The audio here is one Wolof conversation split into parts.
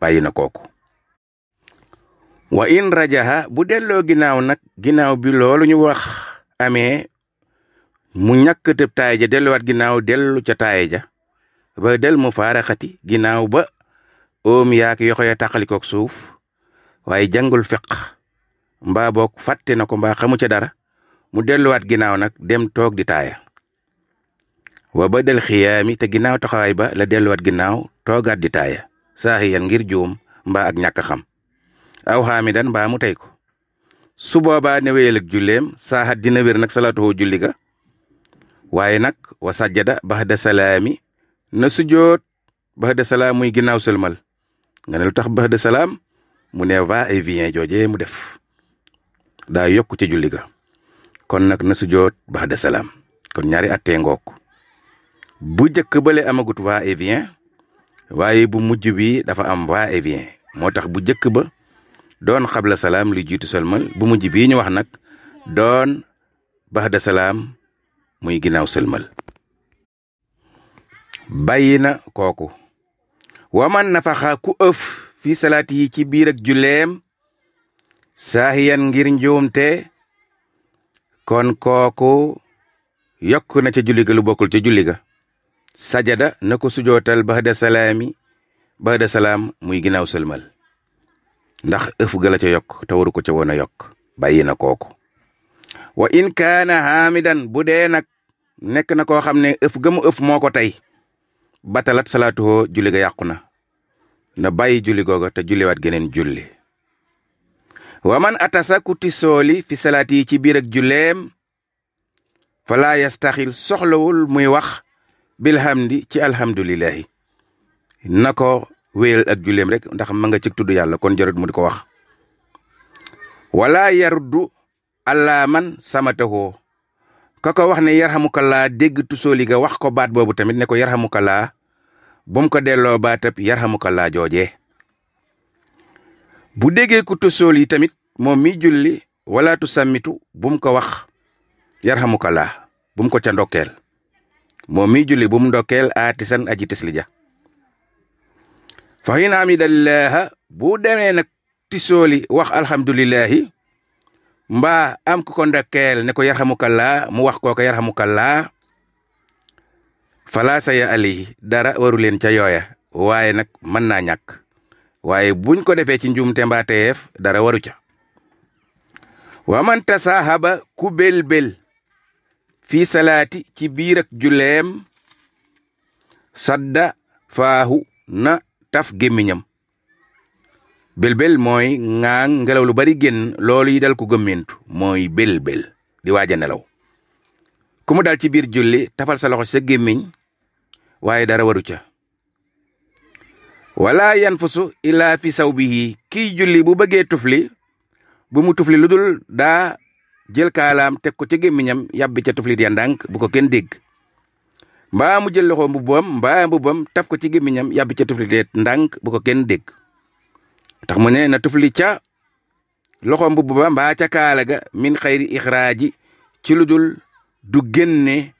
bàyyi na kooku wa in rajaha bu delloo ginnaaw nag ginnaaw bi loolu ñu wax amee mu ñàkk tëb taay ja delluwaat ginnaaw dellu ca taay ja ba del mu faaraxati ginnaaw ba oom yaak yoxo ya tàqalikook suuf waaye jàngul feq mbaa boog fàtte na ko mbaa xamu ca dara mu delluwaat ginnaaw nag dem toog di taaya wa ba del xiyaami te ginnaaw taxawaay ba la delluwaat ginnaaw toogaat di taaya saahiyan ngir juum mbaa ak ñàkk xam aw xaamidan mbaa mu tey ko su boobaa ne wéyal ak julleem saaxat dina wér nag salaatuhu julli ga waaye nag wa sajjada baxda salaami na sujjoot baxda salaam muy ginnaaw sëlmal nga ne lu tax baxda salaam mu ne va et vient mu def daa yokk ci julli kon nag na sujjoot baxda salaam kon ñaari attee ngook bu jëkk bale amagut va et waaye bu mujj bi dafa am va et moo tax bu jëkk ba doon xabla salaam lu jiitu sëlmal bu mujj bii ñu wax nag doon baxda salaam muy ginnaaw sëlmal bàyyi na kooku waman nafaxa ku ëf fi salaat yi ci biir ak julleem saahiyan ngir njuumte kon kooku yokk na ca julli lu bokkul ca julli sajada na ko sujootal baxda salaami muy ginnaaw sëlmal ndax ëf ga la ca yokk te waru ko ca woon a yokk bàyyi na kooku wa in kaana xaamidan bu dee nag nekk na koo xam ne ëf ga mu ëf moo ko tey batalat salaatuhoo julli ga yàqu na na bàyyi julli googa te julliwaat geneen julli wa man atasa ku tisooli fi salaat yi ci biir ak julleem falaa yastaxil soxlawul muy wax bilhamdi ci alhamdulilahi na ko wéyal ak julleem rek ndax ma nga cig tudd yàlla kon jarut mu ko wax wala yaruddu alla man samatahoo ka ko wax ne yarxamukallaa dégg tusooli ga wax ko baat boobu tamit ne ko yarxamukallaa bu mu ko delloo baatab yarxamukallaa joojee bu déggee ku tamit moom mi julli wala tu sammitu bu ko wax yarxamukallaa bu mu ko ca moom mi julli bu mu ndokkeel aatisan aji tisli ja fa xiina amidallaaha bu demee nag tisooli wax alhamdulilahi mbaa am ku ko ndokkeel ne ko yarxamukallaa mu wax kooka yarxamukallaa falaa saya ali dara waru leen ca yooya waaye nag mën naa ñàkk waaye buñ ko defee ci njuumte mbaa teyeef dara waru ca wa man tasahaba ku bel bel fii salaati ci biir ak julleem sadda faahu na taf gémmiñam bélbél mooy ŋaang ngelaw lu bari génn loolu yi dal ko gëmmintu mooy bélbél di waaja nelaw ku dal ci biir julli tafal sa loxo sa gémmiñ waaye dara waru ca wala yanfusu ilaa fi saw bihi kii julli bu bëggee tufli bu mu tufli lu daa jël kaalaam teg ko ca gémmiñam yàbbi ca tuflit ya ndànk bu ko kenn dégg mbaa mu jël loxo mbubbam mbaa mbubbam taf ko ci gémmiñam yàbbi ca tuflit ya ndànk bu ko kenn dégg tax mu ne na tufli ca loxo mbubb ba mbaa ca kaala ga min xayri ixraaji ci lu dul du génne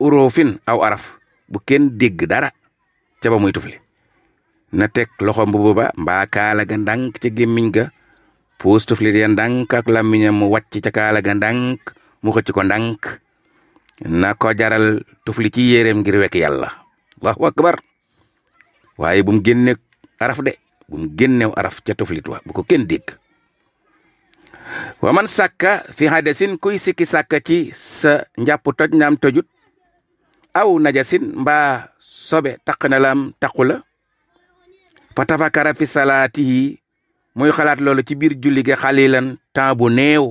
uróofin aw araf bu kenn dégg dara ca ba muy tufli na teg loxo mbubb ba mbaa kaala ga ndànk ca gémmiñ ga puus tuflit ya ndànk ak làmmiñam mu wàcc ca kaala ga ndànk mu xëcc ko ndànk na ko jaral tufli ci yéeréem ngir wekk yàlla allahu akbar waaye bu génne araf de bu génnew araf ca tuflit wa bu ko kenn dégg wa man sàkka fi hadasin kuy sikki sàkka ci sa njàpp toj naam tojut aw najasin mbaa sobe taq na laam taqu la fa tafakara fi salaatihi muy xalaat loolu ci biir julli gi xalilan temps bu néew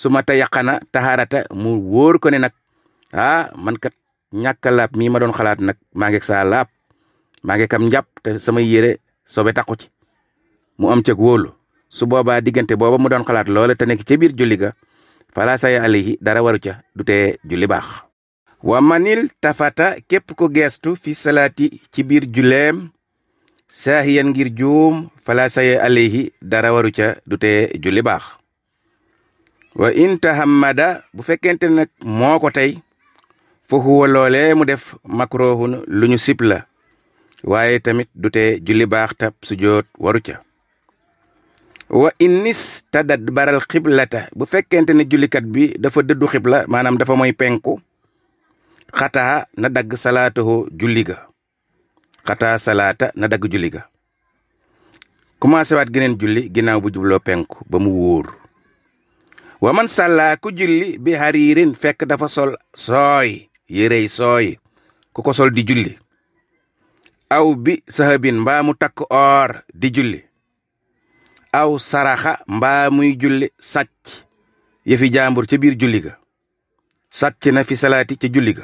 su ma ta yaqana taxaarata mu wóor ko ne nag ah man kat ñàkk a mii ma doon xalaat nag maa ngi saa laab maa ngi am njàpp te samay yére sobe taxu ci mu am ceg wóolu su boobaa diggante booba mu doon xalaat loola te nekk ca biir julli ga fala saya alayhi dara waru ca du tee julli baax wa manil tafata képp ko geestu fi salaati ci biir julleem saahiyan ngir juum fala saye alayhi dara waru ca du tee julli baax wa in tahammada bu fekkente nag moo ko tey fa huwa loolee mu def makrohun lu ñu sib la waaye tamit du tee julli baax tab sujoot waru ca wa innis tadad baral xiblata bu fekkente ne jullikat bi dafa dëddu xibla maanaam dafa moy penku xataa na dagg salaataho julli ga xataa salaata na dagg julli ga commencé waat geneen julli ginnaaw bu jubloo penku ba mu wóor wa man sàllaa ku julli bi hariirin fekk dafa sol sooy yérey sooy ku ko sol di julli aw bi sahabin mbaa mu takk oor di julli aw saraxa mbaa muy julli sàcc yëfi jaambur ca biir julli ga na fi salaati ca julli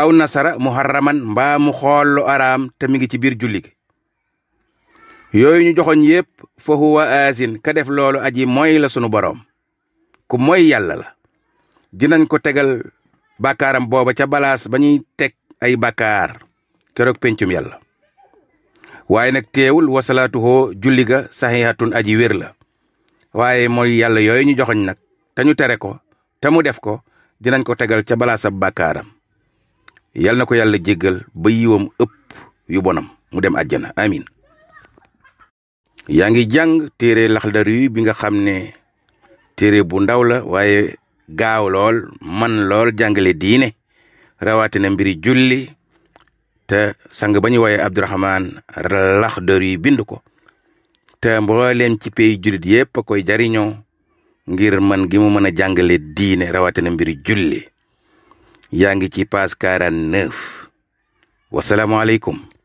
aw nasara muharraman mbaa mu xool araam te mi ngi ci biir julli yooyu ñu joxoñ yépp fa huwa aasin ka def loolu aji mooy la sunu boroom ku mooy yàlla la dinañ ko tegal bàkkaaram booba ca balaas ba ñuy teg ay bàkkaar keroog pencum yàlla waaye nag teewul wasalaatuhoo julli ga saxiixatun aji wér la waaye mooy yàlla yooyu ñu joxoñ nag te ñu tere ko te mu def ko dinañ ko tegal ca balaasa bàkkaaram yal na ko yàlla jéggal ba yiwam ëpp yu bonam mu dem àjjana amin yaa ngi jàng téere Laxdari bi nga xam ne téere bu ndaw la waaye gaaw lool man lool jàngale diine rawatina mbir julli te sang ba ñu waaye Abdurahmaan Laxdari bind ko te mbooleem ci pays jullit yépp koy jariñoo ngir man gi mu mën a jàngale diine rawatina mbir julli yaa ngi ci page 49 wasalaamaaleykum